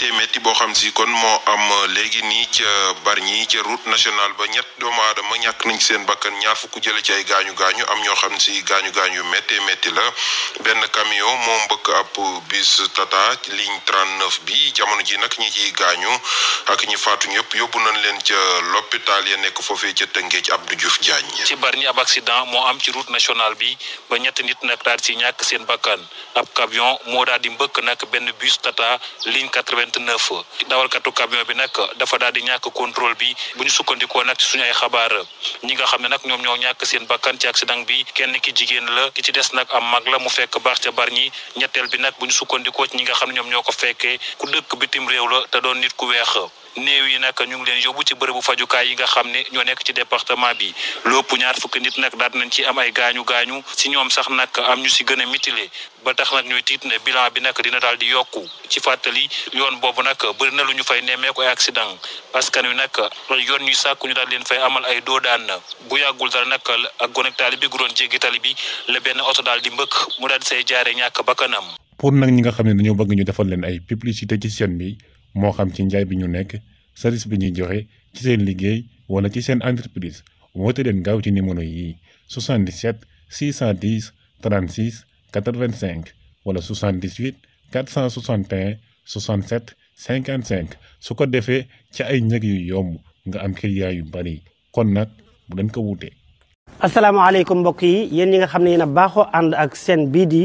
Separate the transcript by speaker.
Speaker 1: méttee métti boo xam si kon moo am léegi nii ca Bargny ca route nationale ba ñett doomu aadama ñàkk nañ seen bakkan ñaar fukk jële ci gaañu gaañu am ñoo xam si gaañu gaañu yu méttee métti la benn camion moo mbëkk ab bus tata ligne 39 bi jamono ji nag ñi ciy gaañu ak ñi faatu ñëpp yóbbu nañ leen ca l'hôpital ya nekk foofee ca Tëngéej ci Abdou Diouf Diagne. ci Bargny ab accident moo am ci route nationale
Speaker 2: bi ba ñetti nit nag daal ci ñàkk seen bakkan ab camion moo 29 dawalkatu camion bi nag dafa daal di ñàkk contrôle bi bu ñu sukkandikoo nag ci suñu ay xabaar ñi nga xam ne nag ñoom ñoo ñàkk seen bakkan ci accident bi kenn ki jigéen la ki ci des nag am mag la mu fekk baax ca bar ñi ñetteel bi nag bu ñu sukkandikoo ci ñi nga xam ne ñoom ñoo ko fekkee ku dëkk bitim réew la te doon nit ku weex néew yi nag ñu ngi leen yóbbu ci bërëbu fajukaay yi nga xam ne ñoo nekk ci département bi lépp ñaar fukki nit nag daat nañ ci am ay gaañu gaañu si ñoom sax nag am ñu si gën a mitile ba tax nag ñooy tiit ne bilan bi nag dina daal di yokku ci fàttali yoon boobu nag bëri na lu ñu fay nemmeeku ay accident askan wi nag yoon ñuy sàkku ñu daal leen fay amal ay doodaan bu yàggul dal nag ak gonek taali bi gu doon jéggi tali bi la benn oto daal di mbëkk mu daal di jaare ñàkk bakkanam
Speaker 3: pour nag nga xam ne bëgg ñu defal leen ay publicité moo xam ci njaay bi ñu nekk service bi ñuy joxe ci seen liggéey wala ci seen entreprise woote leen gaaw ci numéro yi 77 610 36 85 wala 78 461 67 55 su ko defee ci ay njëg yu yomb nga am client yu bari kon nag bu leen ko wuute.
Speaker 4: asalaamaaleykum mbokk yi yéen ñi nga xam ne yéen baaxoo ànd ak seen bii di.